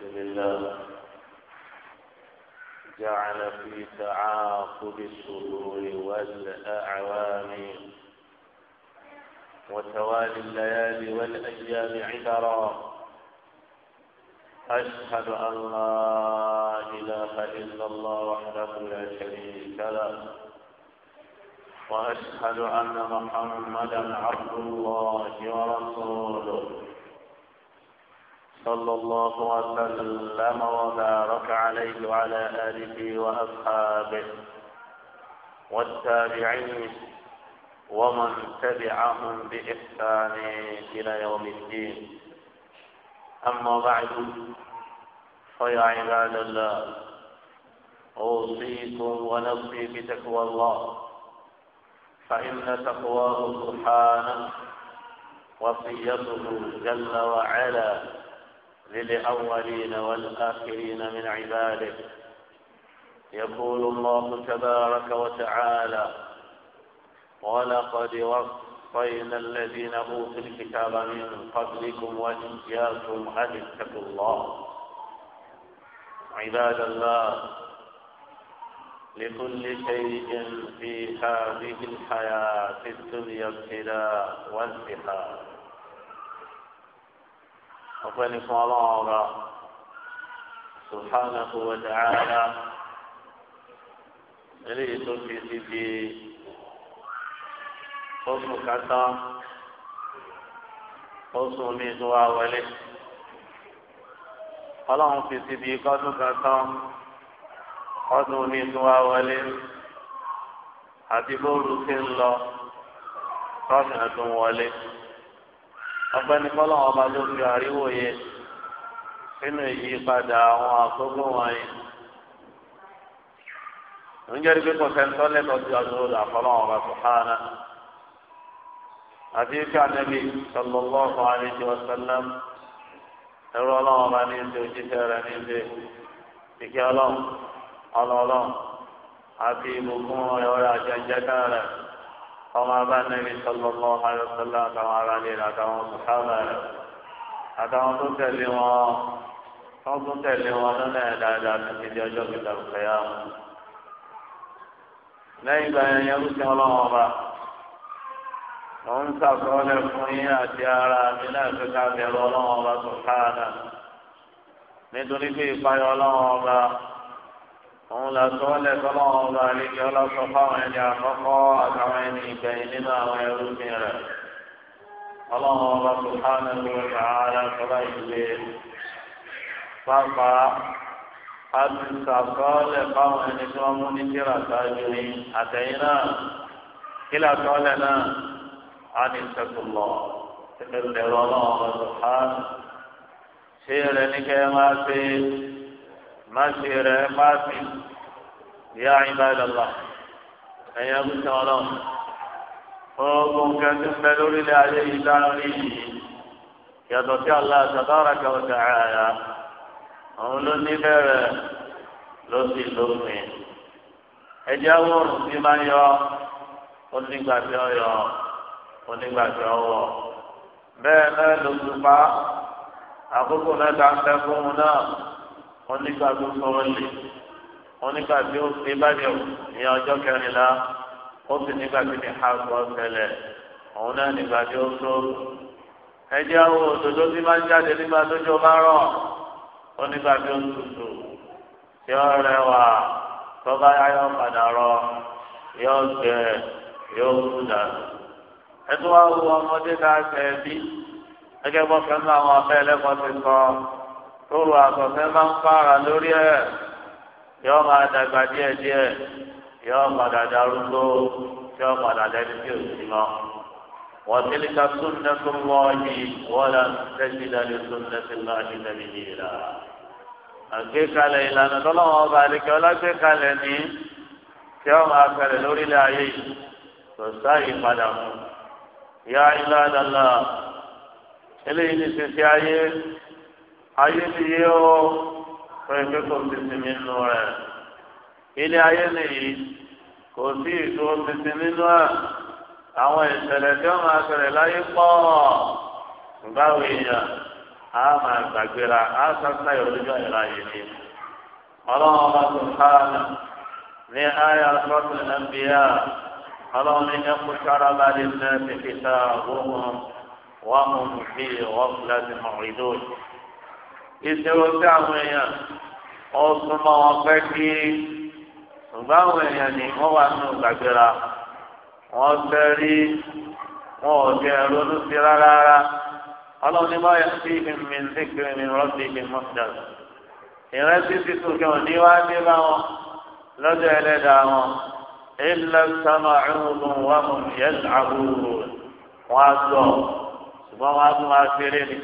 الحمد لله جعل في تعاقب الشهور والأعوام وتوالي الليالي والأيام عبرا أشهد أن لا إله إلا الله وحده لا شريك له وأشهد أن محمدا عبد الله ورسوله صلى الله وسلم وبارك عليه وعلى آله وأصحابه والتابعين ومن تبعهم بإحسان إلى يوم الدين أما بعد فيا عباد الله أوصيكم ونفسي بتقوى الله فإن تقواه سبحانه وصيته جل وعلا للأولين والآخرين من عباده يقول الله تبارك وتعالى ولقد وصينا الذين أوتوا الكتاب من قبلكم وإياكم أن اتقوا الله عباد الله لكل شيء في هذه الحياة الدنيا ابتلاء وانتحار ọpẹ́ ní fún ọlọ́run ọba subhanahu wa ta'ala eléyìí tó fi síbi oṣù kátá oṣù mi tó wá wọlé ọlọ́run fi síbi kọ́dún kátá ọdún mi tó wá wọlé àti bóòlù ti ń lọ tọ́sán tó ń wọlé ọgbẹ́ni kọ́lọ́wọ́ ọba ló fi àríwò yẹ nínú ìyípadà àwọn àkókò wọ̀nyí. níjẹ́rìí pé kò sẹ́ńtọ́ lẹ́tọ̀ọ́ sí àdúró àfọlọ́wọ́ ọba sùhánà. àti ikú ànábì sallallahu alaihi wasallam ẹ̀rọ ọlọ́wọ́ ọba ní ìṣe òjíṣẹ́ rẹ̀ ní ìṣe ìkẹ́ ọlọ́wọ́ ọlọ́wọ́ àti ìbùkún ẹ̀rọ àjẹjẹ́ kan rẹ̀ ọmọ abá nàbí sọlọ́lọ́ àlọ́sọ́lá àtàwọn aráàlú àtàwọn sùhábà rẹ̀ àtàwọn tó tẹ̀lé wọn tó tún tẹ̀lé wọn lọ́nà ẹ̀ dáadáa títí di ọjọ́ kìtà òkèèyà wọn. lẹ́yìn ìgbà yẹn yẹn lùsìn ọlọ́wọ́n ọba òun sàkọọ́lẹ̀ fún yín àti ara mi náà fi ká bẹ̀rù ọlọ́wọ́n ọba sùhánà nítorí pé ìpayọ̀ ọlọ́wọ́n ọba òun la sọ lẹ́sọ̀ lọ́wọ́ ọba àlejò ọlọ́sọ fáwọn ẹni àkọ́kọ́ àtàwọn ẹni ìgbẹ̀yìn nínú àwọn ẹrú mi rẹ̀ ọlọ́wọ́ ọba sùhánù lórí ara sọ́lá ìgbé pápá àtúnṣàkọọ́lẹ̀ fáwọn ẹni tí wọ́n mú ní tíra sáájú ní àtẹ̀yìn náà kílà náà á ní sẹ́kùlọ̀ ẹgbẹ̀rún ọlọ́wọ́ ọba sùhánù ṣé rẹ̀ ní kẹ́ máa ṣe é má ṣe rẹ̀ má fi ìyá ìbádọ́lá ẹ̀yẹ kúta ọlọ́run gbogbo nǹkan tó ń bẹ lórílẹ̀ ayé yìí dáná ní yìí yàtọ̀ sí Allah tabaraka wa ta'ala òun ló ní bẹ̀rẹ̀ ló sì lópin ẹ̀jẹ̀ awọ́rùn sí máa ń yọ onígbà tí ó yọ onígbà tí ó wọ̀ bẹ́ẹ̀ náà ló tún pa àkókò mẹ́ta ń bẹ fún un náà wọn nígbà tó sọ wọn lé wọn nígbà tí ó ṣe báyìí o ní ọjọ́ kẹrìnlá ó sì nígbà tí ní àgbọ̀ ṣẹlẹ̀ òun náà nígbà tí ó sọ ẹjẹ àwọn òdòdó tí máa ń jáde nígbà tó jọ bá rọ̀ ó nígbà tí ó ń tutù tí ó rẹwà tó bá yáyọ padà rọ̀ yóò gbẹ yóò kú dànù ẹtú wa wo ọmọdé tá a bí gẹ́gẹ́ bọ́ fẹ́ àwọn afẹ́ ẹlẹ́kọ̀ọ́ ti sọ tóru àgọ̀fẹ́ máa ń fara lórí ẹ̀ yọ máa dàgbà díẹ̀ díẹ̀ yọ padà darúgbó tí yọ padà dẹni tí ò sí mọ́. وتلك سنة الله ولا تجد لسنة الله تبديلا àgbékalẹ̀ ìlànà tọ́lọ́wọ́ ọba àlekẹ́ ọlágbékalẹ̀ ní tí wọ́n máa kalẹ̀ lórílẹ̀ ayé kò sáàyè padà mú. ìyá ilé àdàlà eléyìí ní sísí ayé ayé ti yé ọ pẹ̀lú kò ti sinmi nù rẹ̀ ilé ayé nìyí kò sí ìtò ti sinmi nù rẹ̀ àwọn ìṣẹ̀lẹ̀ tí wọ́n máa ṣẹlẹ̀ láyé pọ̀ báwo èèyàn á máa gbàgbéra á sáńtà ìrọ̀lẹ́jọ́ ìlà yìí ni ọlọ́run ọba tó sáánà ní ayé asọ́tò nàbíyà ọlọ́run ní ẹkú sáraba lè nà ẹ́ ti fi ta àwọn ọmọ wọn mú fi láti mọ̀ ìdóòtú ìṣòro sí àwọn èèyàn ọ̀sùn mọ́ wọn pẹ́ kí ṣùgbọ́n àwọn èèyàn ni wọ́n wà nínú gbàgbéra wọ́n fẹ́ rí wọn ò jẹ́ ronú sí rárá rárá ọlọ́run ní bá yẹ sí ìmì ìdíkiri ní rọ́ọ̀dì ìmì mọ́tàlá ìrẹsì ti tòkè òní wá dé bá wọn lọ́jọ́ ẹlẹ́dàá wọn ilẹ̀ sọ́mà ẹ̀hùnún wà mọ̀ yẹ́sà àbúrò wọn á sọ ṣùgbọ́n wọn á tún máa ṣeré ni.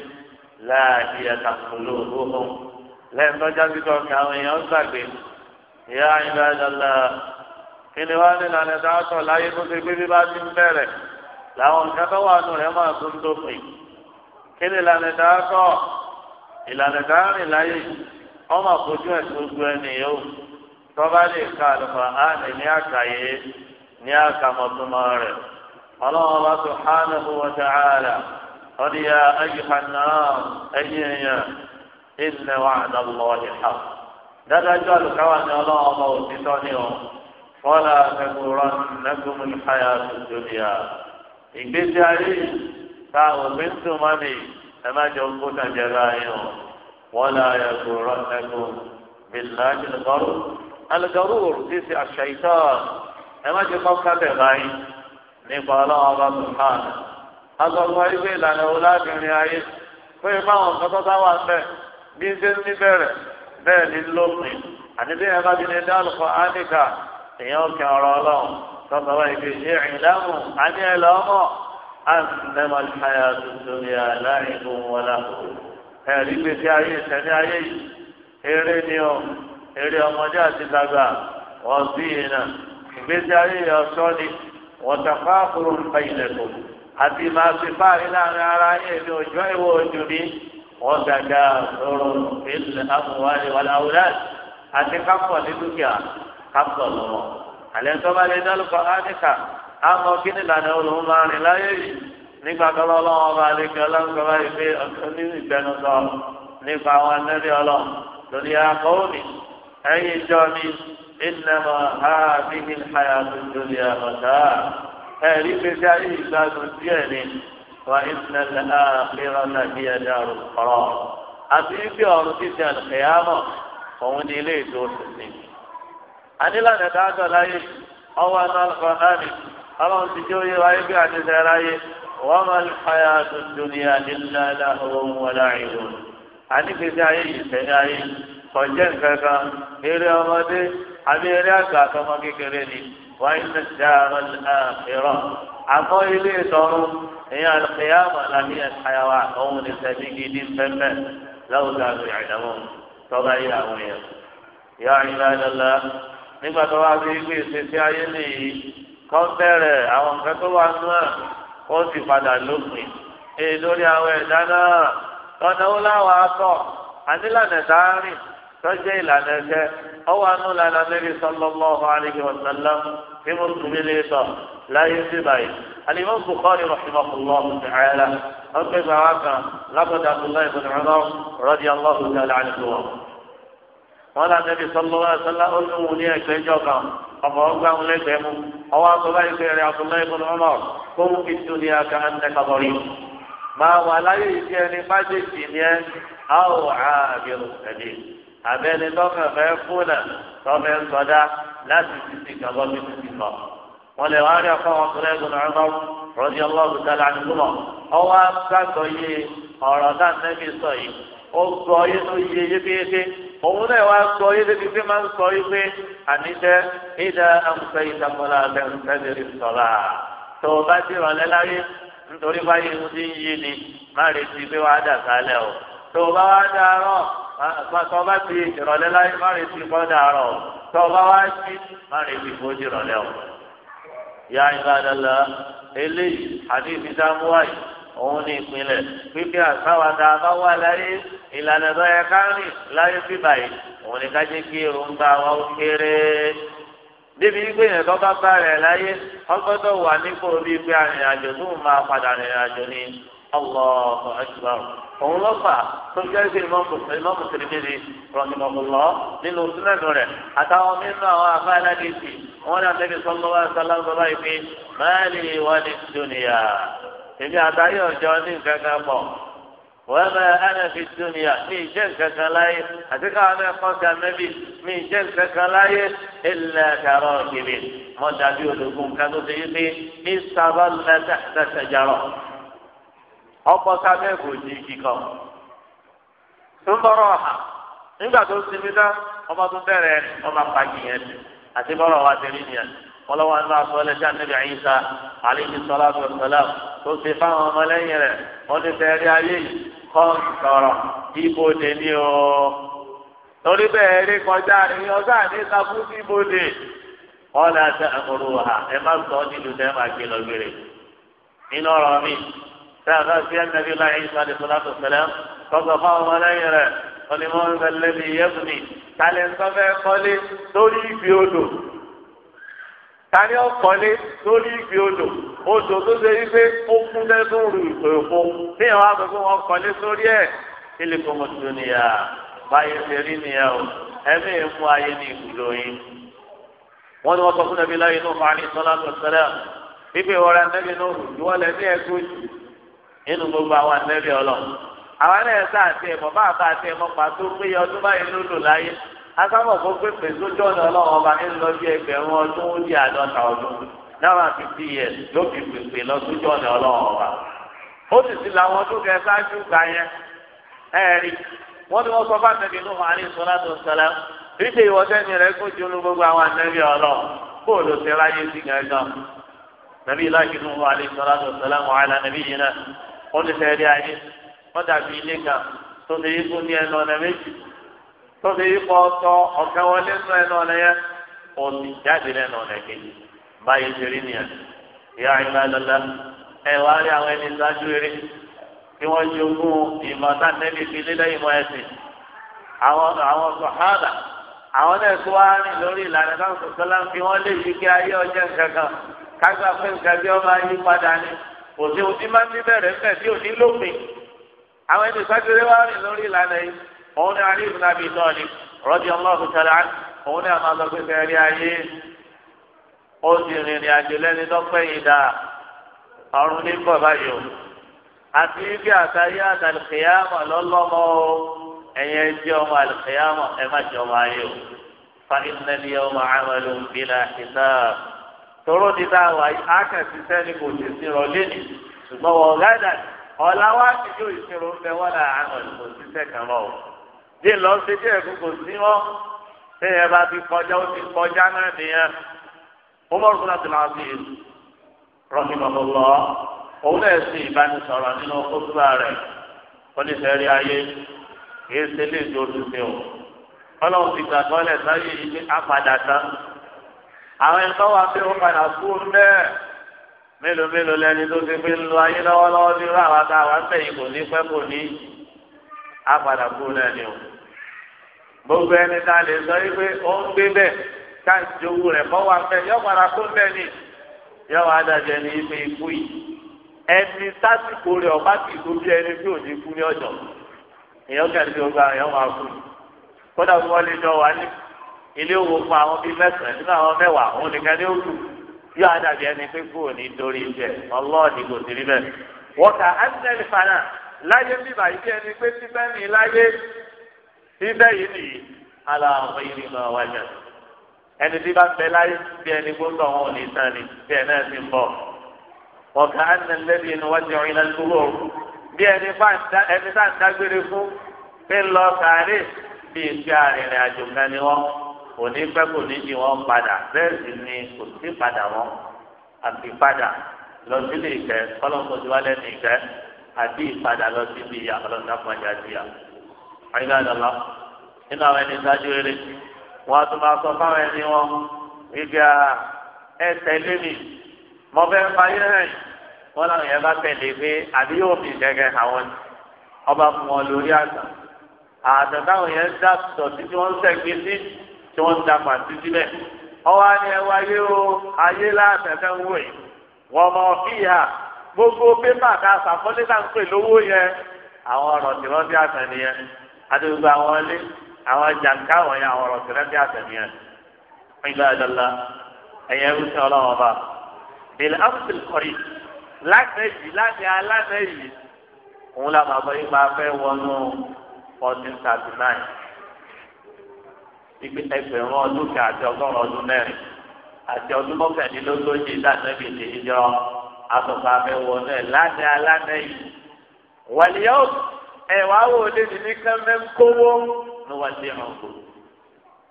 láàbí ẹ̀tàkùnlò owó lẹ́yìn tọ́jà títọ́ kí àwọn èèyàn gbàgbé ìyá ìlú àjọlá kí ni wọ́n ní lànà dáàtọ̀ láyé tó ti gbé bí bá ti ń bẹ̀rẹ̀ làwọn nǹkan tó wà nù rẹ̀ máa tún tó pè kí ni lànà ìlànà láyé ẹ̀ ka àlùfà á ní ní àkàyé ní rẹ̀ ọlọ́run bá tó hánà fún wọn ọdí ya ayíha náà ẹyìn èèyàn ilẹ̀ wa àdàlọ́ ìhà dádájọ́ àlùkáwà ni ọlọ́run ọmọ òtítọ́ ni ọ fọ́lá ẹgbẹ̀rún nẹ́gbẹ̀mú ìhàyà lójúlíà ìgbésí ayé ta òfin tó má ní ẹ má jọ kó tàjẹrẹ ayé ọ wọ́lá ẹgbẹ̀rún nẹ́gbẹ̀mú bìláàjì lọ́rù alùgàrú òrù tí àṣà ìtọ́ ẹ má jẹ kọ́ kábẹ̀ báyìí nípa ọlọ́run ọba tó asọ̀tún ayígbé ìlànà olábìnrin ayé fún ipa àwọn nǹkan tó wà bẹ́ẹ̀ bí ṣe ń níbẹ̀rẹ̀ bẹ́ẹ̀ ni lópin àti bí ẹ bá ti ní dálùkọ áníkà èèyàn kẹ ọ̀rọ̀ ọlọ́run tọ́sọ̀ wá ìgbé ṣe ìdáhùn àní ẹ lọ́mọ àtúndẹ́mọ̀ ìfàyà tuntun ní aláìlú wọlá ẹ̀rí gbèsè ayé ìṣẹ̀lẹ̀ ayé yìí eré ni ọ eré ọmọdé àti dàgbà wọ́n sí yìí náà ìgbésí ayé ọ̀ṣọ́ ni wọ́n tàfáàkùrù ń bá ilẹ̀ kò àti máa fi fáàrí láàrin ara yẹn ní ọjọ́ ìwọ ojú mi wọ́n gàgà lọ́rọ̀ ilẹ̀ amúhálẹ̀ wàlá awúlẹ̀ àti kápọ̀ ní dúkìá kápọ̀ lọ́wọ́. àlẹ́ tó bá lè dálùkọ́ áníkà àmọ́ kí ni ìlànà olùhùn máa rìn láyé yìí nígbà tó lọ́wọ́ ọba àlejò ọlọ́nkọ́ báyìí pé ní ìgbẹnusọ nípa àwọn anẹ́rẹ́ ọlọ́ lórí akọ́wọ́mì ẹ̀yìn ìjọ mi ìnáwó ẹ̀rí pèsè ayé ìgbádùn díẹ̀ ni wà ìsìnlẹ̀ àkérò náà bí ẹ̀dá ọ̀rọ̀ àti ibi ọ̀rùn títí àlùkẹ́yàmọ̀ òun ni ilé ìjọ òṣìṣẹ́. ànílànà dáadọ́ láyé ọwọ́ aná alukọ̀hánì ọlọ́run ti jẹ́ oyè wáyé bí àdìsẹ́ láyé wọ́n máa ń fàyà tuntun ní àdìlá láhùn wọlé àìlú. àní pèsè ayé ìfẹ́ ayé kọjá nǹkan kan eré ọmọdé àbí eré àgbà وإن الدار الآخرة عطوا إليه دارو هي القيامة لا هي الحيوان أو لسبيك دين فما لو كانوا يعلمون طبعا يا أمير يا عباد الله nígbà tó wá sí pé ìṣesí ayé nìyí kọ́ bẹ̀rẹ̀ àwọn nǹkan tó wà nù ẹ̀ kó sì padà lópin èè lórí àwọn ẹ̀dá náà tọ́nà ó láwọn aṣọ ànílànà sáárìn tọ́jú ìlànà ẹ̀fẹ́ ọwọ́ anú lànà níbi sallallahu alaihi wa sallam ní mùsùlùmí lè sọ láyé sí báyìí. alimọ́n bukhari rahimahullahu ta'ala ọgbẹ́ bàbá kan lábọ̀dá abdullahi ibn umar radiyallahu ta'ala anhu wa. wọn lànà níbi sallallahu alaihi wa sallam ní ẹgbẹ́ kan ọmọ ọgbà ń lẹ́gbẹ̀ẹ́ mu ọwọ́ àtọ́lá ìfẹ́ rẹ̀ abdullahi ibn umar kó mú kí dunya ká ń máa wà láyé ìfẹ́ ni má àbẹ́ni lọ́kàn fẹ́ fúnà tọ́fẹ́ sọdá láti títí kàbọ́ bí títí lọ. wọ́n lè wá rí ọkọ wọn tó lẹ́gùn náà lọ rọ́dí ọlọ́run tá láti lọ. ọwọ́ àgbàgbọ́ yé ọ̀rọ̀ náà nẹ́bí sọ yìí ó gbọ́ yé tó yé yékéyéké òun náà wá gbọ́ yé débi pé máa ń sọ yí pé àníṣe ìdá àmúfẹ́ ìtàkọ́lá nítorí báyìí ń dín yí ni má retí pé wàá dà sálẹ̀ o tó o bá wá dà rán tọ́ bá ti ìrọ̀lẹ́ láyé má rè ti bọ́ dàrọ̀ tọ́ bá wá sí má rè ti ìrọ̀lẹ́ o. eléyìí àti ìfisámúwáyì òun ní ìpínlẹ̀ pípẹ́ àsáwádà bá wà láyé ìlànà tó yẹ ká rìn láyé bíbáyìí òun ní ká jẹ́ kí èròǹgbà wa ó kéré débi wípé yẹn tó bá bá rẹ̀ láyé ọgbọ́dọ̀ wà nípò bíi pé tó máa padà rìnrìnàjò ni Allahu akbar òun ló fà tó jẹ́ pé ìmọ̀ mùsùlùmí rahimahullah nínú súnẹ́nu rẹ̀ àtàwọn nínú àwọn afáàlá ní ti wọn náà lẹ́bi sọ́lọ́wọ́ sálámù báyìí pé máàlì wà ní dúnìyà èmi àtàyè ọ̀jọ́ ní nǹkan kan pọ̀ wọ́n bẹ ẹnẹ fi dúnìyà ní ìjẹ́ nǹkan kan láyé àti káwọn náà kọ́ sí amẹ́bí ní ìjẹ́ nǹkan kan láyé ilẹ̀ kàrọ̀ kìlì mọ́ dàbí ọkọ sábẹ́ ìbòjì igi kan ńbọrọ ọhà nígbà tó sinmi dá ọba tó bẹ̀rẹ̀ ọba pàjì yẹn àti bọrọ wa tẹ́lẹ̀ nìyẹn kọlọwọ ní wàá sọ lẹsẹ anabi ayisa aleyhi sọláàtù tó ti fáwọn ọmọlẹ́yìn rẹ̀ ti ayé sọ̀rọ̀ o torí bẹ́ẹ̀ rí kọjá ọjọ́ àti ìsàkú sí lè àti ha ẹ má sọ ọ́ nílùú tẹ́ máa gbé lọ gbére ساقا في النبي الله عيسى عليه الصلاة والسلام فصفاه وليرة ولمن الذي يبني تعالى انصفى قولي سوري في أولو tani ọkọlé lórí ibi odò odò tó ṣe wípé ó kún lẹ́sùn rú ìpèkó ní ìwà àgbẹ̀kọ́ wọn kọlé sórí ẹ̀ kílì kó mo tún níyà báyìí ṣe rí nìyà o ẹ̀mí ìmú ayé ní ìbùdó yín. wọ́n ní wọ́n sọ fún ẹbí láyé ní ọ̀fà ní sọ́lá tó ṣẹlẹ̀ bíbí ìwọ́ra ẹ̀mí ní òòlù ìwọ́lẹ̀ ní ẹ̀kọ́ yìí. nínú gbogbo àwọn àtẹ́bí ọlọ. àwọn náà sá àti ẹ̀mọ́ bá àbá àti ẹ̀mọ́ pàtó pé ọdún báyìí ló lò láyé asábọ̀ kó pé pèsè ọba ń lọ ẹgbẹ̀rún ọdún ó di àádọ́ta ọdún náírà fifty years ló fi pèsè lọ sójú ọ̀nà ọba ó sì ti làwọn tó kẹ sáájú gbà yẹn sọ ó ní anyi, ayé wọ́n dàbí ilé kan tó ti yí kú ní ẹnu ọ̀nà méjì tó ti yí kọ́ ọ̀kẹ́ wọlé nínú ẹnu ọ̀nà yẹn omi jáde lẹ́nu ọ̀nà kejì báyìí ti rí nìyẹn ìyá ìgbà lọ́la ẹ wá rí àwọn ẹni ṣáájú eré kí wọ́n ṣe ogún ìmọ̀ sátẹ́lì fi lélẹ́ ìmọ̀ ẹ̀sìn àwọn àwọn àwọn náà tó kò sí ohun tí máa ń bẹ̀rẹ̀ ń bẹ̀ tí ò ní lópin àwọn ẹni sátidé wá rìn lórí ìlànà yìí òun ní alẹ́ ìbùnà bíi náà ni rọ́bì ọlọ́run tẹ̀lé òun ní àmọ́ ọlọ́gbẹ́ fẹ́ rí ayé ó sì rìnrìn àjò lẹ́ni lọ́pẹ́ yìí dà ọ̀run ní bọ̀ báyìí o àti bí àtàyé àtàlùkìyàmọ̀ lọ́lọ́mọ o ẹ̀yẹ jẹ́ ọmọ àlùkìyàmọ̀ ẹ má jẹ́ ọmọ ayé o fa ìnàlẹ́ ọmọ àmàlùm bílà ìsáà tọrọ ní tá a wà yìí àkàtì sẹ́ni kò sì sí rọlé ni ṣùgbọ́n wọ́n gádà ọ̀la wá sí yóò ìṣirò ń bẹ wọ́n là àmọ̀ kò sí sẹ́kàn lọ. bí lọ sí bí ẹ̀kú kò sí wọn tẹ́yẹ bá ti kọjá ó ti kọjá náà nìyẹn. ó mọ̀ fún àti láti rọ́ọ̀kì mọ̀mọ́ lọ òun náà sì ìbánisọ̀rọ̀ nínú kótópà rẹ̀ oníṣẹ́rí ayé kì í ṣe lè jó tuntun o. ọlọ́run ti gbàgbọ́ lẹ̀ sáyé yìí àwọn ẹni tó wà pé ó padà kú bẹ́ẹ̀ mélòó mélòó lẹni tó ti fi lu ayé lọ́wọ́lọ́wọ́ ní irú àwọn tá a wà ń bẹ̀ yìí kò ní pẹ́ kò ní á padà kú lẹ́ni o gbogbo ẹni tá a lè sọ yìí ó ń gbé bẹ́ẹ̀ ká ìjòwú rẹ̀ kọ́ wà bẹ́ẹ̀ yọ padà kú bẹ́ẹ̀ ni yọ wà dájẹ́ ní ife ikú yìí ẹni sásìkò rẹ̀ ọ̀bá kì í bí ẹni tí ò ní kú ní ọjọ́ èèyàn tó gba èèyàn ilé owó fún àwọn bíi mẹ́sàn-án nínú àwọn mẹ́wàá òun nìkan ní òkú yóò àdàbí ẹni pé kúrò ní dórí iṣẹ́ ọlọ́ọ̀dì kò sí níbẹ̀. wọ́tà ẹ́sìnẹ́lì fana láyé bíbà yìí bí ẹni pé síbẹ̀ ní láyé síbẹ̀ yìí nìyí ala àwọn yìí nìkan wájà. ẹni tí bá ń bẹ láyé bí ẹni gbóngbà wọn ò ní sàn bí ẹ náà ti ń bọ̀. wọ́tà ẹ́sìnẹ́lì inú wájú bí ẹni tá ń dágbére fún pé bí ìgbé kò ní pẹ́ kò ní jì wọ́n padà bẹ́ẹ̀ sì ni kò sí padà wọ́n àti padà lọ sílé ìkẹ́ kọ́lọ́kọ́ ti wá lẹ́nu ìkẹ́ àti ìpadà lọ síbi ìyá ọlọ́dún àpàjà ti yà. ayélujára nínú àwọn ẹni sáájú rere wọn tún máa sọ fáwọn ẹni wọn wípé ẹ tẹ̀lé mi mo fẹ́ fayé rẹ̀ wọn làwọn yẹn bá tẹ̀lé pé àbí yóò fi gẹ́gẹ́ àwọn ọba fún wọn lórí àgbà àtẹ̀táwọn yẹn dá sọ̀tí tí wọ́n ń sẹ́gbẹ́ sí tí wọ́n ń da pàǹtí síbẹ̀ ọwọ́ ni ẹ wáyé o ayé látẹ̀tẹ̀ ń wò yìí wọ́n mọ fíyà gbogbo pépà ká sàkọ́lé náà ń pè lówó yẹn àwọn ọ̀rọ̀ tìrọ́bí àtẹ̀ni yẹn adéwúgbò àwọn ilé àwọn jàǹká wọ̀nyẹn àwọn ọ̀rọ̀ tìrọ́bí àtẹ̀ni yẹn ìgbà ìdọ́lá ẹ̀yẹ ń sọ ọlọ́wọ́n bẹ̀rẹ̀ áwùsùn kọ̀rì láti alánàá yìí ìgbé ẹgbẹ̀rún ọdún kan àti ọgọ́rùn ọdún mẹ́rin àti ọdún mọ́kànlélógójì ìdánilẹ́bí ti ìjọ asọ̀fà mẹ́wọ̀ náà lánàá lánàá yìí. wàlíyọ́ ẹ̀wà wo lè ní ní kẹ́mẹ́ ń kówó ní wà sí ọ̀gbọ̀n.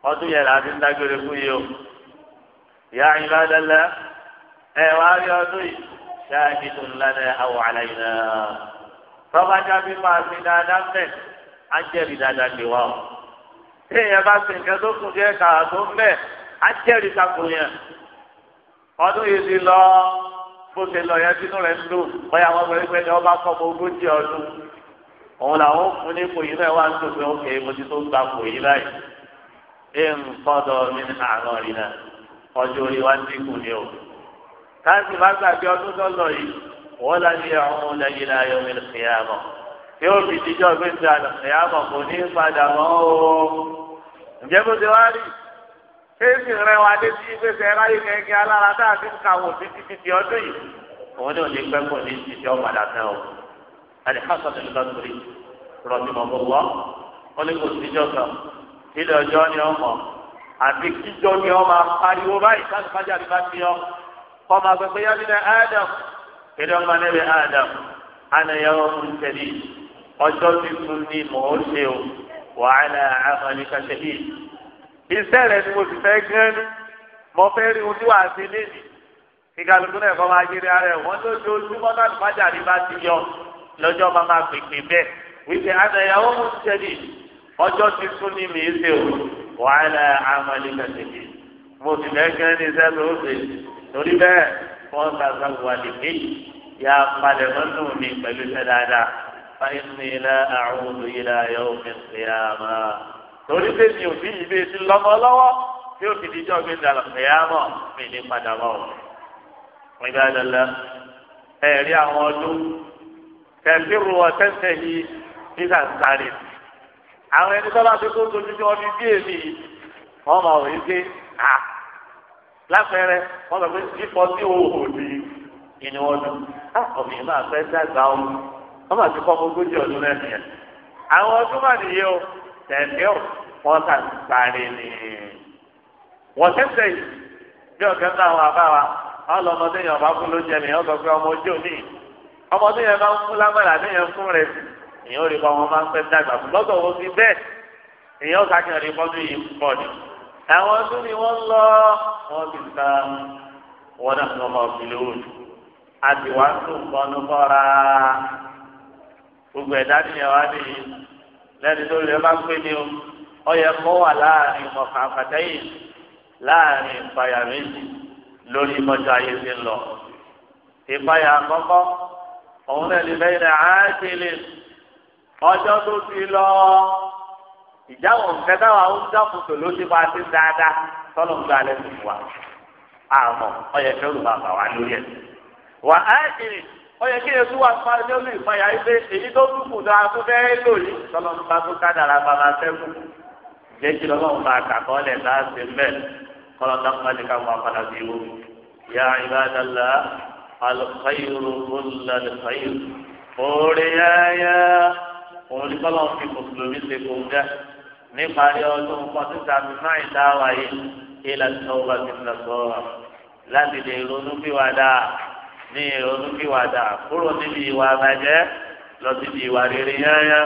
ọdún yẹn láti ń dágbére fún yìí o. ìyá yín bá dẹ́lẹ́ ẹ̀wà rí ọdún yìí ṣáàkì tó ń lánàá àwọ̀ àlàyé náà. tọ́bajá bí máa fi dáadáa mẹ́ téèyàn bá ṣe nǹkan tó kù díẹ̀ kàrà tó ń bẹ̀ á jẹ́rìí takò yẹn ọdún yìí ti lọ bó ṣe lọ yẹn sínú rẹ̀ ń lò bóyá wọn bẹ̀rẹ̀ pé ní ọba kọ́ mọ ogójì ọdún òun làwọn fún ní kò yìí náà wá ń tò pé ókè mo ti tó gba kò yìí báyìí ẹ ń kọ́dọ̀ mi ní àárọ̀ rí náà ọjọ́ orí wa ń dínkù ni o káàsì bá gbàgbé ọdún tó lọ yìí wọ́n lálẹ́ yóò fi jíjọ́ gbé ti àlọ́ ẹ̀yà mọ̀ kò ní padà mọ́ o. ǹjẹ́ bó ti wá rí kéèsì rẹ wà létí ìgbésẹ̀ ráyè kẹ̀kẹ́ alára dáa ti ń kàwọ́ títí títí ọdún yìí. òun ní òní pẹ́ kò ní jíjọ́ padà tẹ́ o. àti hasan ní lọ́tùrí rọ̀bì mọ̀mọ́ wọ́ ó ní kò síjọ́ kan ilé ọjọ́ ni ọ mọ̀ àti kíjọ́ ni ọ máa pariwo báyìí káàkiri fájà ni bá ti yọ kọ́ máa gbẹgbẹ́ yá nílẹ̀ Adam kéde ọmọ nílẹ̀ Adam àná yẹ ọ́ ọjọ́ tuntun ni mò ń ṣe o wàhálà àmàlí kàṣẹ yìí. iṣẹ́ rẹ̀ ni mo sì fẹ́ gán ní mo fẹ́ rí ojú àti léèdì kí kálukú náà kọ́ máa yiri ara ẹ̀ wọ́n lójoojúmọ́ náà ló fàjà rí bá ti yọ lọ́jọ́ máa máa pèpè bẹ́ẹ̀ wípé àtẹ̀yàwó mo ti tẹ̀lé ọjọ́ tuntun ni mi ṣe o wàhálà àmàlí kàṣẹ mo sì fẹ́ gán ní iṣẹ́ tó ṣe torí bẹ́ẹ̀ fọ́ńtà sàgbàlì mi فإني لا أعود إلى يوم القيامة torí pé mi ò bí ìbí ti lọ́mọ lọ́wọ́ tí ó fi dijọ́ gbé dàlọ́ fìyàmọ̀ mi ní padà bọ̀ wọ́n gbá dọ́lá ẹ̀rí àwọn ọdún kẹfìrù ọ̀tẹ́ǹtẹ̀ yìí nígbà sáré àwọn ẹni tọ́lá ti kó dojú tí wọ́n fi èmi wọ́n máa wòye pé à lápẹẹrẹ wọ́n sọ pé jífọ́ sí òhò ni ìníwọ́dún á ọ̀mì máa fẹ́ wọ́n máa ti kọ́ ogójì ọdún lẹ́nu yẹn àwọn ọdún máa nìyí o tẹ̀lé o wọ́n kà ń ni wọ́n tẹ́sẹ̀ yìí bí ọ̀gá náà wà bá wa wọ́n lọ ọmọdé yẹn ọba fún lóúnjẹ nìyẹn ọgbà pé ọmọ ojú òní ọmọdé yẹn máa ń fún lágbára níyẹn fún rẹ èyàn ò rí kọ́ wọn máa ń pẹ́ dàgbà fún lọ́dọ̀ wo sí bẹ́ẹ̀ èyàn ò sákẹ́ rí fọ́dún yìí pọ̀ ni àwọn ọdún gbogbo ẹ̀dá ni ẹ̀wá ni lẹ́ni tó lè má pé ni o ọyẹ kọ́ wà láàrin ọ̀kà àpàtẹ́yìn láàrin ìpayà méjì lórí mọ́jọ ayé ti ń lọ. ìpayà àkọ́kọ́ òun náà ní bẹ́ẹ̀ ni àákìlì ọjọ́ tó ti lọ ìjáwọ̀ nǹkan àwọn jáfùtò ló ti bá ti dáadáa tọ́lọ̀ ń gba alẹ́ fún wa. àmọ́ ọyẹ kẹ́rù bàbá wa lórí ẹ̀. wà ákìlì ọyẹ kí yẹn tún wà fún adéolú ìfọyà yìí pé èyí tó tún kù dáa tó fẹ́ lò yìí tọ́lọ́mù bá tún kádàrà bá máa fẹ́kù jẹ́ kí lọ́lọ́mù bá kàkọ́ lẹ̀ bá ṣe mẹ́ kọ́lọ́dá pálí ká wà padà sí ìwò ya, ìbádàlá alùpàyìrò olùlàlùpàyìrò òòrè yáyá òun ní kọ́lọ́mù fi mùsùlùmí ṣe kò dá nípa rí ọdún fọtí sàmì náà ìdáwà yìí ìlànà tó ní ìrònúkìwàdà kúrò níbi ìwà àbàjẹ́ lọ síbi ìwà rere yányá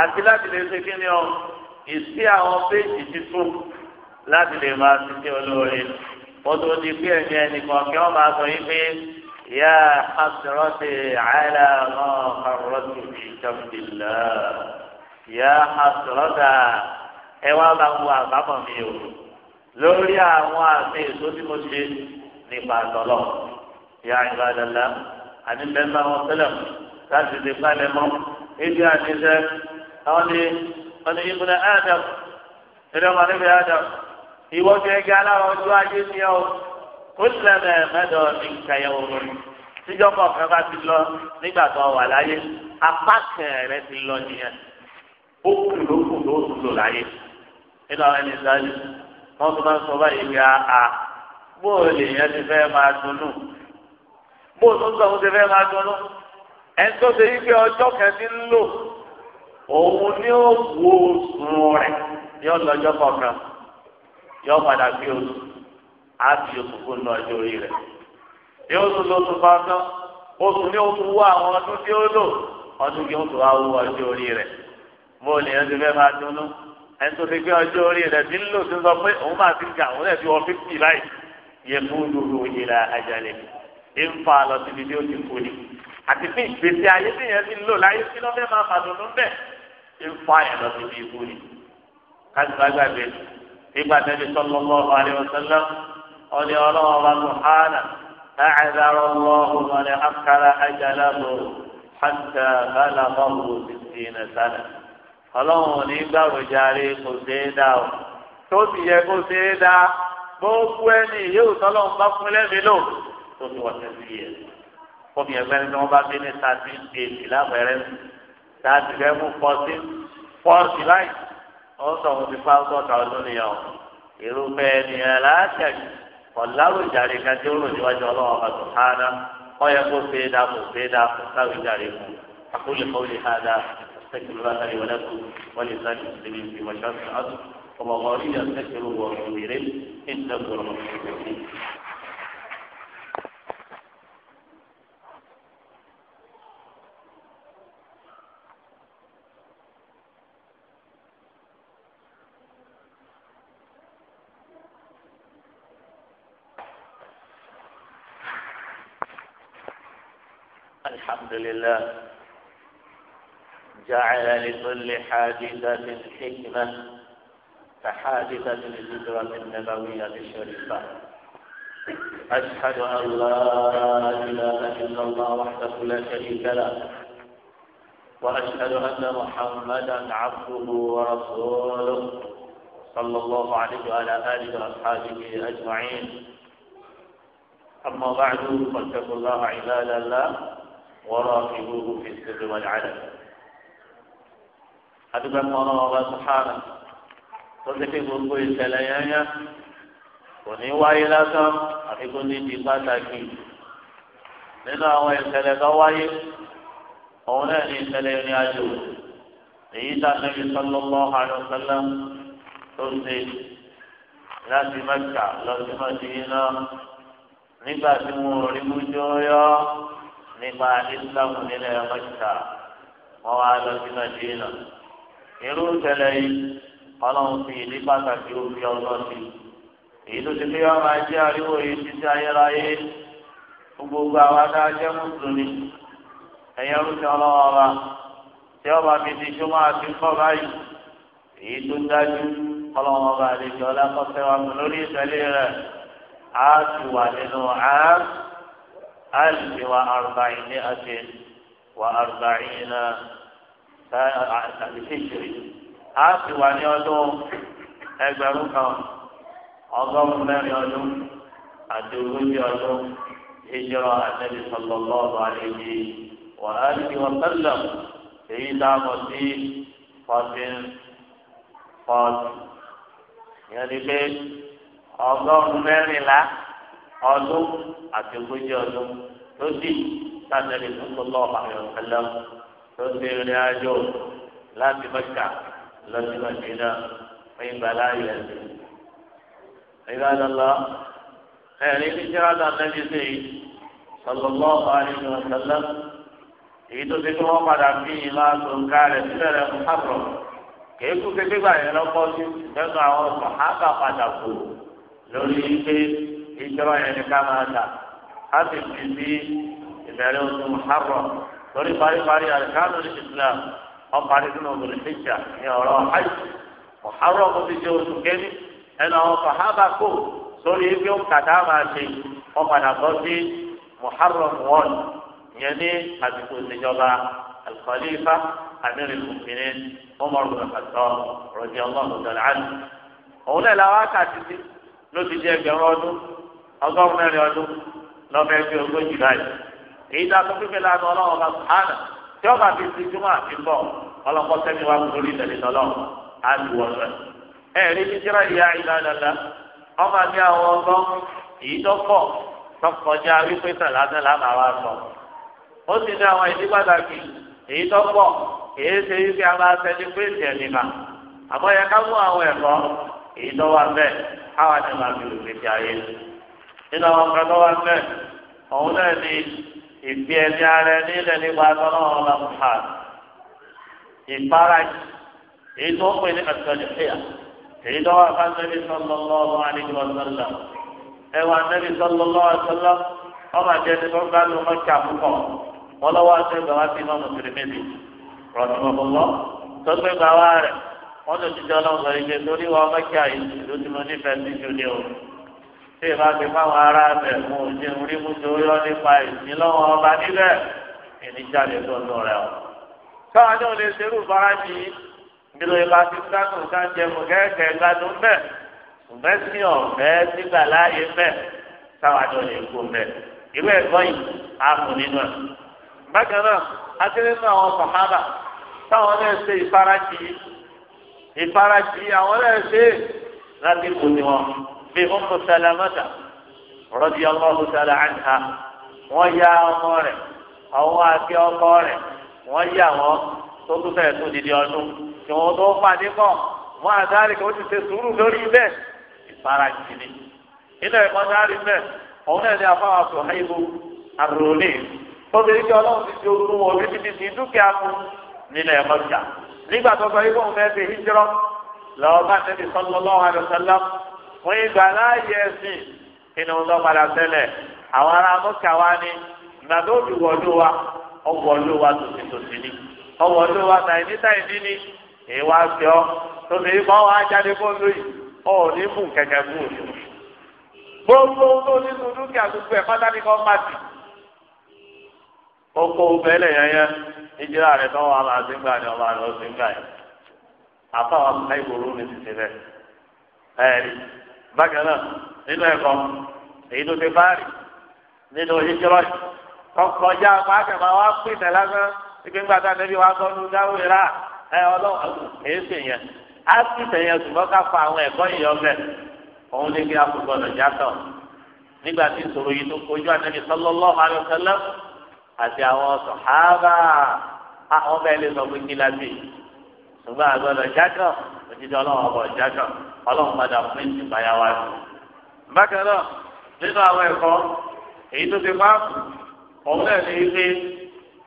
àti láti lè ṣe kí ni ọ ìsí àwọn péjì títún láti lè máa ti ṣe olóore wọ́n tó di pé ẹ̀mí ẹnìkan kí wọ́n máa sọ yín pé yá hasrati ala ma farratu fi sabilillah yá ẹ wá bá wo àbámọ̀ mi o lórí àwọn àmì èso tí mo ṣe nípa tọ́lọ́ ìyá ìbàdàlà àti bẹ́ẹ̀ bá wọn tẹ́lẹ̀ láti ti palẹ̀ mọ́ ibi àti sẹ́ àwọn ni wọn ni ibùdó adam ìdọ́mọ níbi adam ìwọ ti ẹgbẹ́ aláwọ̀ ojú ajé ni ọ kó lẹ́mẹ̀ mẹ́dọ̀ ní kẹyẹwò lórí tíjọba ọ̀kan bá ti lọ nígbà tó wà láyé apá kẹrẹ ti lọ nìyẹn ó kù ló kù ló tún láyé nínú àwọn ẹni sáájú wọn tún máa ń sọ báyìí pé a bóòlù yẹn ti fẹ́ máa dunnú bó o tó ń sọ fún sefẹ́ máa dọ́nà ẹni tó ṣe wípé ọjọ́ kẹ́ni ń lò òun ni ó wo sùn rẹ̀ yóò lọ́jọ́ kọ̀ọ̀kan yóò padà bí oṣù á fi oṣù kó lọ ọjọ́ orí rẹ̀ yóò tún lóṣù kọ̀ọ̀kan oṣù ni ó tún wá àwọn ọdún tí ó lò ọdún kí ó tún wá wo ọjọ́ orí rẹ̀ bó lè ẹni tó fẹ́ máa dọ́nà ẹni tó ṣe pé ọjọ́ orí rẹ̀ ti ń lò tó sọ pé òun máa ti gà òun ẹ̀ fi wọ́n fífi báyìí yẹ fún lulu ìlà àjálẹ̀ mi ń fa lọ síbi tí ó ti kú ni àti fún ìgbésí ayé tí yẹn ti lò láyé kí lọ́fẹ́ máa fàdùnnú bẹ́ẹ̀ ń fa yẹn lọ síbi ikú ni. kájúbà gbàgbé nígbà tẹ́lẹ̀ sallallahu alaihi wasallam ọ̀lẹ́ ọlọ́wọ́ bá tó hánà láàárọ̀ lọ́wọ́ ọ̀lẹ́ akara ajala lọ hàtà bàlá bọ́ọ̀lù títí nà sálà. ọlọ́wọ́ ní gbàrújarí kò ṣeé dá o tó ti yẹ kó ṣeé dá gbogbo ẹni yóò tó fi wọ́n tẹ̀sí yẹ fọ́bi ẹgbẹ́ ni wọ́n bá gbé ní thirty eight lábẹ́rẹ́ thirty eleven forty forty láì wọ́n sọ wọn fi five thousand nìyàwó irúfẹ́ nìyẹn láṣẹ ọ̀làwọ̀ ìjàre kan tí ó rò níwájú ọlọ́wọ́ bá tó hánà ọ̀yẹ́ kó fẹ́ dàpọ̀ fẹ́ dàpọ̀ láwọ̀ ìjàre kù àkúlẹ̀ kọ́lé hánà استغفر الله لي ولكم ولسان المسلمين في مشارق الارض ومغاربها استغفروه واتوبوا اليه انه هو الغفور الرحيم الحمد لله جعل لكل حادثة حكمة كحادثة الهجرة النبوية الشريفة أشهد أن لا إله إلا الله وحده لا شريك له وأشهد أن محمدا عبده ورسوله صلى الله عليه وعلى آله وأصحابه أجمعين أما بعد فاتقوا الله عباد الله وراقبوه في السر والعلن أدب المرأة الله سبحانه tọ́síkì gbogbo ìṣẹ̀lẹ̀ yányá kò ní wáyé lásán àfi kó ní ti pàtàkì nínú àwọn ìṣẹ̀lẹ̀ tó wáyé òun náà ní ìṣẹ̀lẹ̀ ìrìn àjò èyí tá Ànábì sallallahu alaihi wasallam tó ṣe láti Mẹ́kà lọ sí Mẹ́dínà nígbà tí wọn ò rí mújọ́ yọ. nípa islam nílẹ̀ mẹ́ta wọ́n wá lọ sí nàìjíríà irú ìṣẹ̀lẹ̀ yìí ọlọ́run fi ìdí pàtàkì òfin ọlọ́ sí èyí tó ti fi wá máa jẹ́ ariwo yìí títí ayérayé gbogbo àwọn adájẹ́ mùsùlùmí ẹ̀yẹ rúṣẹ́ ọlọ́wọ́ ọba tí ọba ألف وأربعمائة وأربعين بحجر àti wà ní ọdún ẹgbẹ̀rún kan ọgọ́rùn-ún mẹ́rin ọdún àti ogójì ọdún ìjọ àtẹ̀lé sallallahu alayhi wa alihi wa sallam èyí dáàbò sí fourteen forty yẹn ni pé ọgọ́rùn-ún mẹ́rìnlá ọdún àti ogójì ọdún tó sì sàtẹ̀lẹ̀ tuntun lọ́wọ́ àwọn ọ̀sẹ̀lẹ̀ tó ti rìn àjò láti mẹ́kà lọ sí mẹ́kìnà fún ìgbà láàyè ẹ̀sìn. ìgbàdàlá ẹ̀rí níṣẹ́ àdá nẹ́bí sí sọlọ́lọ́ àwọn ọ̀sẹ̀lẹ̀ èyí tó ti kí wọ́n padà fi ìlà àtòǹkà rẹ̀ sílẹ̀ rẹ̀ fún àbúrò kéékù kékeré gbà yẹn lọ́kọ́ sí lórí pé ìjọba yẹn ní ká máa dà á sì fi sí ìbẹ̀rẹ̀ oṣù muharram lórí paríparí àríkánú islam ọparí nínú ọdún ìjà ní ọ̀rọ̀ hajj muharram kò ti jẹ́ oṣù kẹ́ni ẹnu àwọn sàhábà kò sórí ibi ó kàtá máa ṣe wọ́n padà bọ́ sí muharram wọn ìyẹn ní àsìkò ìṣèjọba alkhalifa amiri mùsùlùmí umar bin khattab radiyallahu ta'ala anhu òun náà làwọn akásí ló ti jẹ́ ẹgbẹ̀rún ọdún ọgọ́rùn mẹ́rin ọdún lọ́mọ ẹgbẹ́ ogójì báyìí èyí tá a sọ pípẹ́ lánàá ọlọ́run ọba sùhánà tí ọba fi ti túmọ̀ àti bọ̀ ọlọ́kọ sẹ́ni wa kúrò ní ìtẹ̀lé tọ́lọ́run á lù wọ́n rẹ̀. ẹ rí jíjẹ́rọ ìyá ìlà dàda ọmọ mi àwọn ọgọ́rùn èyí tó pọ̀ tó kọjá wípé tàlásẹ̀ lánàá wa sọ. ó sì ní àwọn ìdí pàtàkì èyí tó pọ̀ èyí ṣe wípé a máa sẹ́ni pé ìtẹ̀lé mà àmọ́ yẹ ká mú àwọn ẹ̀kọ́ èyí tó wà bẹ́ẹ̀ káwọn ẹ̀ máa fi òfin nínú àwọn kan tó wá fẹ́ òun náà ni ìfi ẹni ara ẹni ilẹ̀ nípa tọ́lá wọn lọ fà ìpara èyí tó ń pè ní àtọ̀lẹ́fẹ̀yà èyí tó wà fún anabi sallallahu alaihi wa sallam ẹ wà anabi sallallahu alaihi wa sallam ọmọ àti ẹni tó ń bá lu ọjà púpọ̀ wọn lọ́wọ́ àti ẹgbẹ́ wá sí iná mùsùlùmí ni rọ̀tùmọ̀bọ̀lọ́ tó tó ti tí ìbá fi fáwọn ará bẹ̀ mú un ṣe orí mútu yọ nípa ìsìn lọ́wọ́ ọba níbẹ̀ ìníjàde tó ń lọ rẹ̀ o. káwọn náà lè ṣerú báràjì nílò ìbá fi sánù sáńjẹmù kẹ́kẹ́ gbádùn bẹ́ẹ̀ ṣùgbọ́n sí ọ̀fẹ́ sígbà láàyè bẹ́ẹ̀ káwọn náà lè kó bẹ́ẹ̀. ìwé ẹ̀kọ́ yìí á fún nínú ẹ̀. bákan náà akérèmọ àwọn sàhábà táwọn náà ṣe ìfarajì ìfarajì àwọn náà ṣe láti kú ni wọn bí ọmọ sàlámàtà rọ́bì ọlọ́hu sàlá àǹtà wọ́n yá ọmọ rẹ̀ àwọn àti ọkọ rẹ̀ wọ́n yá wọn tó tún fẹ́ẹ̀ tó didi ọdún tí wọ́n tó pàdé pọ̀ wọ́n àtàrí kò ti ṣe sùúrù lórí bẹ́ẹ̀ ìfara jìnnì ilé ẹ̀kọ́ sáré bẹ́ẹ̀ òun náà ní afáwà sọ̀hẹ́bù àròlé tóbi kí ọlọ́run ti di olúwo wọn orí bíbí ti dúkìá fún nílẹ̀ ẹ̀kọ́ jà nígbà tó sọ ikú òun fẹ́ẹ́ ṣe híjírọ́ lọ́ọ́ bá tẹ́lẹ̀ sọ́lọ́lọ́ wọ́n ìgbà láàyè ẹ̀sìn inú lọ́ padà sẹ́lẹ̀ àwọn ará mọ́kà wa ni ìgbà tó ti wọ̀lú wa ọwọ́lú wa ni ọwọ́lú wa tàìní tàìní ni èyí wá sí ọ ìgbà wa jáde fún ọ ò ní fún kẹ̀kẹ́ fún òṣù gbogbo tó nínú dúkìá gbogbo pátá ní kọ́ oko bẹ́lẹ̀ yẹnyẹ ìjírà rẹ̀ tọ́wọ́ àmà àzíngbà ni ọba àlọ́ àzíngbà yẹn àfáwọn ti bákan nínú ẹ̀kọ́ èyí tó ti báàrì nínú ìṣirọ́ kọkọjá pàákàmá wa pín tẹ̀ lásán ìgbéǹgbà tá a nẹ́bí wa gbọ́ nínú dáwọ́ ìlà ẹ ọlọ́run èyí sì yẹn á sì tẹ̀yẹ ṣùgbọ́n ká fa àwọn ẹ̀kọ́ yìí ọbẹ̀ òun ní kí a kò gbọdọ̀ yàtọ̀ nígbà tí ìṣòro yìí tó kojú àtẹ̀lé sallallahu alaihi àti àwọn sàhábà àwọn bẹ́ẹ̀ lè sọ pé kí lábì ṣùgbọ́n àgbọ̀dọ̀ yàtọ̀ òjijì ọlọ́run ọba ìjájọ́ ọlọ́run padà fún ìtì báyà wá sí. bákan náà nínú àwọn ẹ̀kọ́ èyí tó ti máa kù òun náà ní ilé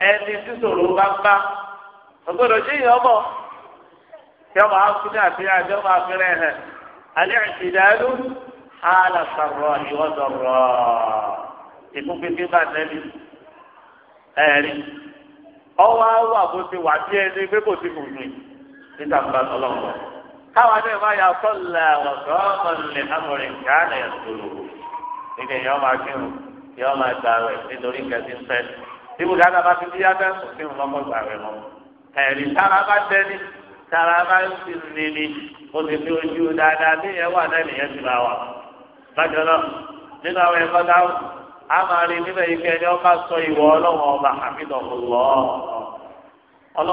ẹni sísòro bá ń bá ògbódò ṣé ìyá ọmọ tí ọmọ akú ní àti àjọ máa fi rẹ hẹ alẹ́ ìdálú hàlà sọ̀rọ̀ ìwọ sọ̀rọ̀ ìfúnpínpí bá nẹ́bí ẹ̀rí ọwọ́ àwọn àbòsí wà bí ẹni pé kò sí kùnú nígbà tó bá tọ́lọ́mọ. káwa náà má yà sọ là ọ̀dọ́ ọ̀lẹ̀ amòrìn gánà ẹ̀sùrù nígbà yẹn ọmọ akínú yẹn ọmọ ẹgbà rẹ nítorí kẹsí ndị fẹ́ ibu dáadáa bá fi ndị bẹ́ẹ̀ sùn fún ọmọ gbà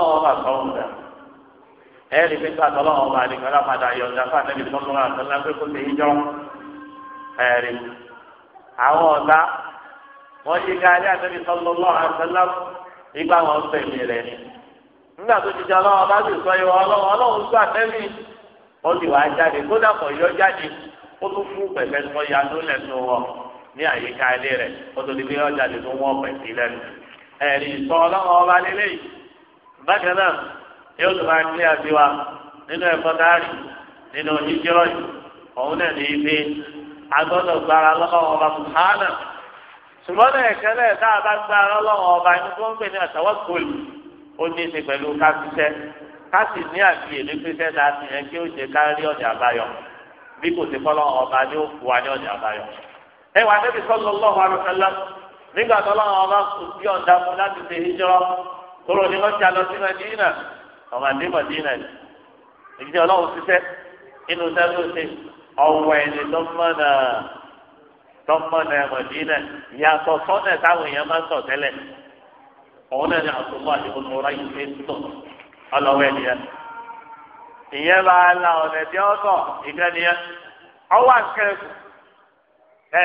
ọba ẹ̀rí pé ká tọ́lọ́wọ́ ọba àdìgbà lápadà fún àtẹ́bí kó tẹ̀yìn jọ́ àwọn wọ́n àtẹ́bí ìgbà wọn ń tẹ̀lé rẹ̀ ni. nígbà tó ti ọlọ́wọ́ bá sì sọ ìwọ ọlọ́wọ́ ọlọ́wọ́ sọ àtẹ́bí ó ti jáde yọ jáde ó tún fún pẹ̀pẹ́ tó ya tó wọn ní àyíká ilé rẹ̀ ó tó di pé ọjà lè tún wọ́n pẹ̀ sí lẹ́nu. yóò tó bá ń lé àbí wa nínú ẹ̀kọ́ dáàrí nínú oníjọ́ yìí òun náà ní agbọ́dọ̀ gbára lọ́wọ́ ọba sùhánà ṣùgbọ́n na lẹ̀ tá a bá gbára lọ́wọ́ ọba ẹni tó ń ní àtàwọ́kùn ó ní í ṣe pẹ̀lú ní ti yẹn kí ó ṣe kárí ọ̀dẹ̀ àbáyọ bí kò sí ọba ni ó fún wa ní ọ̀dẹ̀ àbáyọ. ẹ wà ọmọ àti mọ̀dínà ni ìdíje ọlọ́run ṣiṣẹ́ inú sẹ́dúró ṣe ọ̀wọ́ ẹni tọ́mọ́nà tọ́mọ́nà mọ̀dínà yàtọ̀ sọ́nà táwọn èèyàn máa ń sọ tẹ́lẹ̀ ọ̀hún náà ni àtúntò àti gbogbo ọ̀rá yìí ṣe ń tọ̀ ọlọ́wọ́ ẹni yẹn ìyẹn bá a la ọ̀nà tí ó sọ ìdániyẹn ọwọ́ àkẹ́kù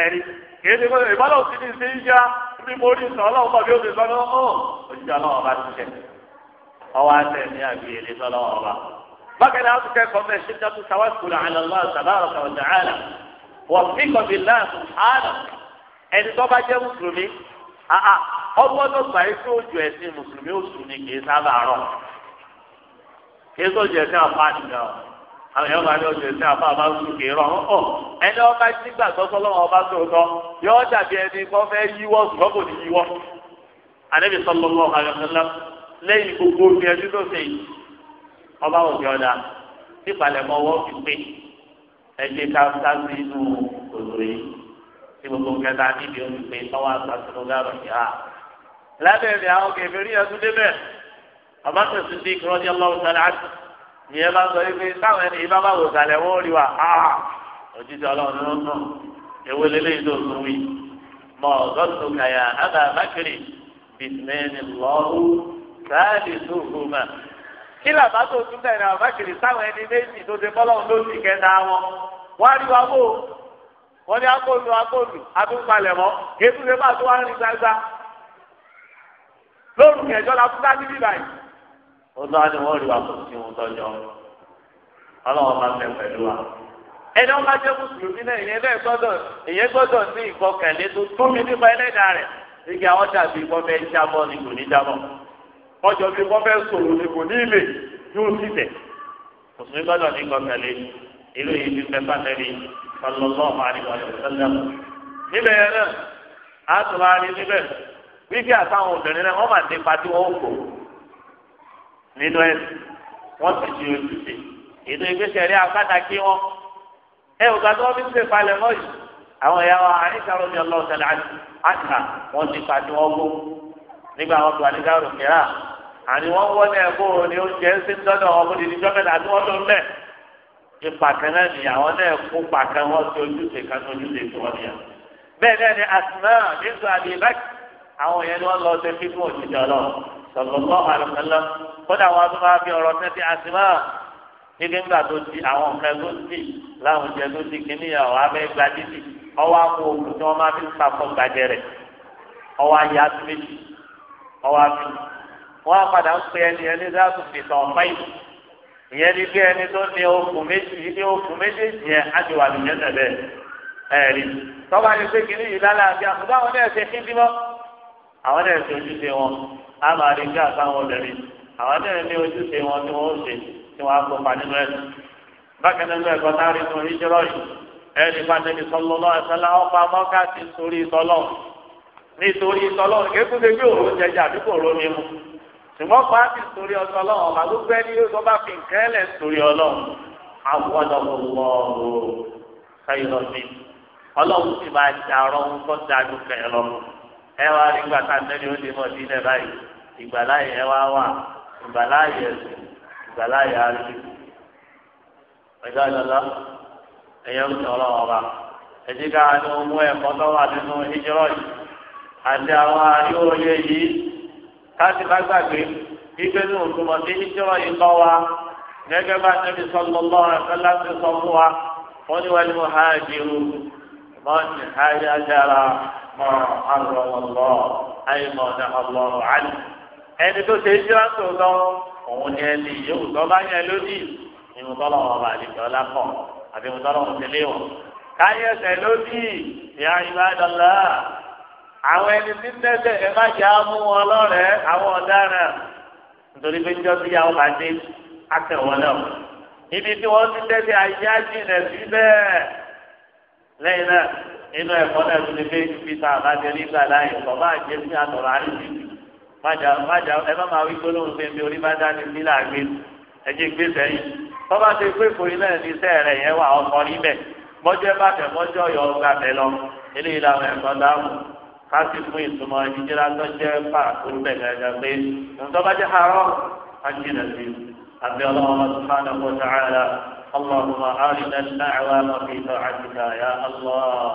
ẹ̀rí kìí ṣe ìbálòpọ̀ ti ní ṣe ń bí mo rí sọ ọlọ́run bọ̀ bí ó ti sọ ọ́ ọwọ́ àtẹ ní àbí ọba. bákan náà kẹ́kọ̀ọ́ sáwá àlọ́ wọ́n fi kọ̀bí ẹni tó bá jẹ́ mùsùlùmí ọgbọ́n tó gbà ẹ̀sìn mùsùlùmí oṣù ni kì í sábà kì í ẹ̀sìn àpá àwọn yóò máa ní ẹ̀sìn àpá kì í ẹni gbàgbọ́ sọlọ́wọ́ ọba tó tọ́ yóò dàbí lẹ́yìn gbogbo ìgbìyànjú tó ṣe yìí ọba òkè ọ̀dà nípalẹ̀mọ́ ọwọ́ fi pé ẹgbẹ́ káfíńtà sí inú òdòdó yìí tí gbogbo nǹkan tá a níbi ó fi pé ọwọ́ àtàkùn ọgárò yìí hà. lábẹ́rẹ́ àwọn kẹfìrí ẹ̀sùn débẹ̀ ọba tó ti di kúrọ́ ní ọlọ́run sálẹ̀ àti ìyẹn bá sọ wípé táwọn ẹni ìbá bá wò sálẹ̀ wọ́n rí wa òjijì ọlọ́run ló ń tàn ewé lélẹ́yìn sáàlì lóhùnmá kí làbá tó tún bẹ̀rẹ̀ àwọn sáwọn ẹni méjì tó ti bọ́lọ́ ló sì kẹta wọn wọ́n rí wa wọ́n ní bá tó wá kẹjọ la fún dájú bíbá yìí. ó ni rí wa sí ohun wa. ẹni wọn bá mùsùlùmí náà ìyẹn ìyẹn tó tómi ọjọ́ bí wọ́n fẹ́ sọ̀rọ̀ ní kò ní ilé yóò sì tẹ̀. mùsùlùmí gbọ́dọ̀ ní gbọ̀ngàlè ìlú yìí ti fẹ́ fàtẹ́rì sallallahu alaihi wa sallam. níbẹ̀ yẹn náà a tún wá rí níbẹ̀ wíkí àtàwọn obìnrin náà wọ́n máa dé pati wọn kò nínú ẹ̀ wọ́n ti di ojúṣe ètò ìgbésẹ̀ rí akáta kí wọ́n ẹ ò gbàgbọ́ wọn fi ń ṣèpalẹ̀ mọ́ yìí àwọn ìyá wa àníkà rọ̀bì ọlọ́ọ̀tẹ̀lẹ̀ àtìkà wọ́n ti pati wọn nígbà wọn tó àníkà rọ̀bì rà àní wọ́n wọ́n náà kó o ní oúnjẹ ń sin dọ́dọ̀ ọmọ ní ìdíjọ́ mẹ́ta àti wọ́n ló ń bẹ̀. ipa kan náà nìyà wọn náà kó pa kan wọ́n ti ojúṣe kan tó ojúṣe tó wọ́n nìyà. bẹ́ẹ̀ náà ni asuna nígbà àbí ìbákì àwọn yẹn ni wọ́n lọ sí fífún òṣìṣẹ́ ọlọ́run sọ̀tọ̀tọ̀ àlùkànlọ́ kódà wọn tó máa fi ọ̀rọ̀ tẹ́tí asuna nígbà nígbà tó di àwọn nǹkan tó di láwùjẹ tó di kíníyàwó abẹ́ gbadidi ọwọ́ àpò òkú tí wọ́n máa fi ń pàfọ́ gbadẹ rẹ̀ ọwọ́ ayé atúmẹ́jì ọwọ́ atúmẹ́jì wọ́n á padà ń pe ẹni ẹni dáàbò fìtọ̀ ọ̀páyì ìyẹn ni bí ẹni tó ní okùn méjì ní okùn méjèèjì yẹn á ti wà nìyẹn tẹ̀lé ẹ̀rí tọ́ba ni pé kìnnìún yìí lálẹ́ àbí àkùdá àwọn náà ṣe kí bímọ àwọn náà ṣe ojúṣe wọn á máa rí bí àtàwọn obìnrin àwọn náà ní ojúṣe wọn tí wọ́n ṣe tí wọ́n á kópa nínú ẹ̀ bákan náà ẹ̀kọ́ tá a rí fún ìjọ́rọ̀ yìí ẹni pàtẹ́bí sọlọ́lọ́ ẹ̀sẹ̀lá ọ̀pá mọ́ká ti sórí ìtọ́lọ́ nítorí ìtọ́lọ́ kékeré bí òru jẹjẹ àdúgbò òru ni mu ṣùgbọ́n pàápì sórí ọ̀sán ọlọ́run ọba ló gbẹ́ ní yóò tó bá fi nǹkan ẹlẹ̀ sórí ọlọ́run àwọn ọlọ́run káyọ̀ mi ọlọ́run sì máa ṣe àrọ́ ohun tó dájú kẹ̀yìn lọ ẹ wá rí ìgbà tá a tẹ́lẹ̀ ó lè mọ̀ sí ilẹ̀ báyìí ìgbàláyè ẹ wá wà ìgbàláyè ẹ̀sìn ìgbàláyè àríwí ẹ̀dá ìlọ́lá ẹ̀yẹ ń sọ ọlọ́run ọba ẹ̀jẹ̀ ká ní ohun ẹ̀kọ́ tó wà nínú ìjọ́rọ̀ yìí àti àwọn àríwó yẹ yìí káàsì bá gbàgbé ife ní òtúmọ̀ tí ìjọba yìí kọ́ wa gẹ́gẹ́ bá tẹ́bi sọ́lọ́lọ́ rẹ̀ fẹ́lá ti sọ fún wa wọ́n ní wàlúù hajiru mọ́ọ̀nì hajájára mọ́ àrùnlọ́lọ́ àyìnbọ̀nà ọlọ́run àlù. ẹni tó ṣe ìjọba tó lọ òun ni ẹni yóò tọ́ bá yẹn lódì ìmùtọ́lọ́ wọn bá àlejò ọlá pọ̀ àbí ìmùtọ́lọ́ wọn ti léwọ̀. káyọ̀ àwọn ẹni tí ń tẹ́tẹ̀ ẹ má jẹ́ àmú wọn lọ́rẹ̀ẹ́ àwọn ọ̀daràn nítorí pé sí yàwó ibi tí wọ́n ti tẹ́tẹ̀ ayé àjìnà sí bẹ́ẹ̀ lẹ́yìn náà inú ẹ̀kọ́ náà tún ní pé peter láyé kọ́ bá jẹ́ sí àtọ̀rọ̀ májà májà ẹ máa wí gbólóhùn pé mi ẹ jẹ́ gbé sẹ́yìn ti pé kò rẹ̀ yẹn wà níbẹ̀ mọ́jọ́ káàsì fún ìtumọ̀ ìdíjẹ́ra tó jẹ́ pàtó ń bẹ̀ gàgà pé ntọ́ba jẹ́ àárọ̀ ajínà sí àbí ọlọ́run subhanahu wa ta'ala اللهم أرنا الأعوام في طاعتك يا الله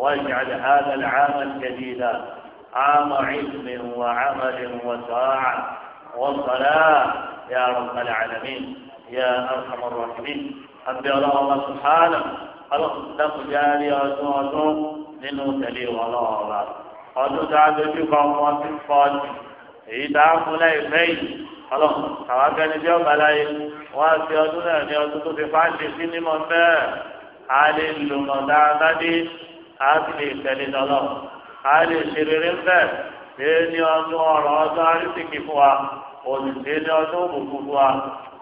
واجعل هذا العام الجديد عام علم وعمل وساعة وصلاة يا رب العالمين يا أرحم الراحمين أبي الله سبحانه ألقى جاري أدوه nínú tẹ̀lé wọn lọ́wọ́ ọba ọdún tá a dojú kọ wọn ti kọ́ ọ́ èyí tá a fún lẹ́yìn lẹ́yìn ọlọ́run àwọn akẹ́ni bí ọba láyé wọ́n á fi ọdún náà ní ọdún tó fi fáńdì sí nímọ̀ bẹ́ẹ̀ a lè lò mọ̀ dáadáa dé a sì lè tẹ̀lé lọ́lọ́ a lè ṣe rere bẹ́ẹ̀ ṣé ní ọdún ọ̀rọ̀ ọdún arísìkì fún wa òṣìṣẹ́ ní ọdún òkùnkùn fún wa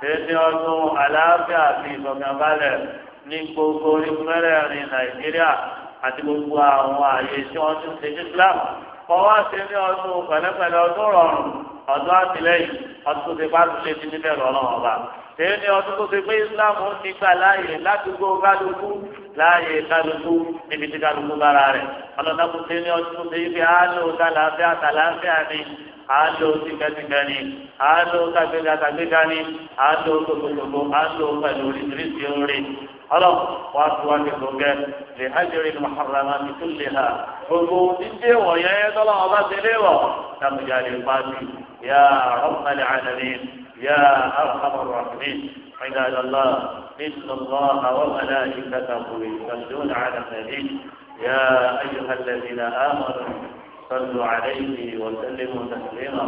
ṣé ní ọdún àlàáfíà àti ìsọ̀gbìn ní gbogbo orí mẹ́rẹ̀ẹ̀rin nàìjíríà àti gbogbo àwọn àyè tí wọ́n tún ṣe islam kọ́ wá ṣe ní ọdún pẹ̀lẹ́pẹ̀lẹ́ ọdún rọrùn ọdún àtìlẹ́yìn ọdún tó ṣe bá tún ṣe ti níbẹ̀ lọ́rùn ọba èyí ni ọdún tó ṣe pé islam ó ti gbà láàyè ládùúgbò kálukú láàyè kálukú níbi tí kálukú bára rẹ̀ ọlọ́dún tó ṣe ní ọdún tó ṣe ibi àánú kálàáfíà kálàáfíà ni àádó tìkẹ́tìkẹ́ ni àádó tàgbéga tàgbéga ni àádó gbogbogbò àádó pẹ̀lú oríṣiríṣi orin ọlọ́run wàá tó wá kéko gẹ́ lè hajjiri muharrama ti tún lè ha gbogbo dídé wọ̀nyẹ́ tọ́lá ọba ti lé wọ̀ dàmújà lè pa sí yà ọ̀pẹ̀lẹ̀ àdàlẹ́ yà ọ̀pẹ̀lẹ̀ rọ̀mìn عباد الله إن الله وملائكته يصلون على النبي يا أيها الذين آمنوا صلوا عليه وسلموا تسليما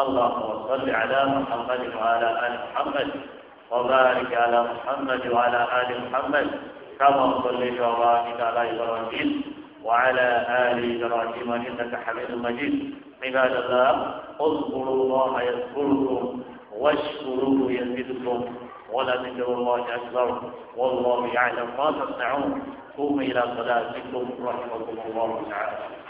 اللهم صل على محمد وعلى ال محمد وبارك على محمد وعلى ال محمد كما صليت وبارك على ابراهيم وعلى ال ابراهيم انك حميد مجيد عباد الله اذكروا الله يذكركم واشكروه يزدكم ولذكر الله اكبر والله يعلم ما تصنعون قوموا الى صلاتكم رحمكم الله تعالى